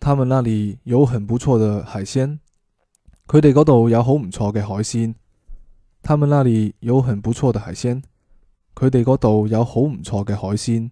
他們那裡有很不錯的海鮮，佢哋嗰度有好唔錯嘅海鮮。他們那裡有很不錯的海鮮，佢哋嗰度有好唔錯嘅海鮮。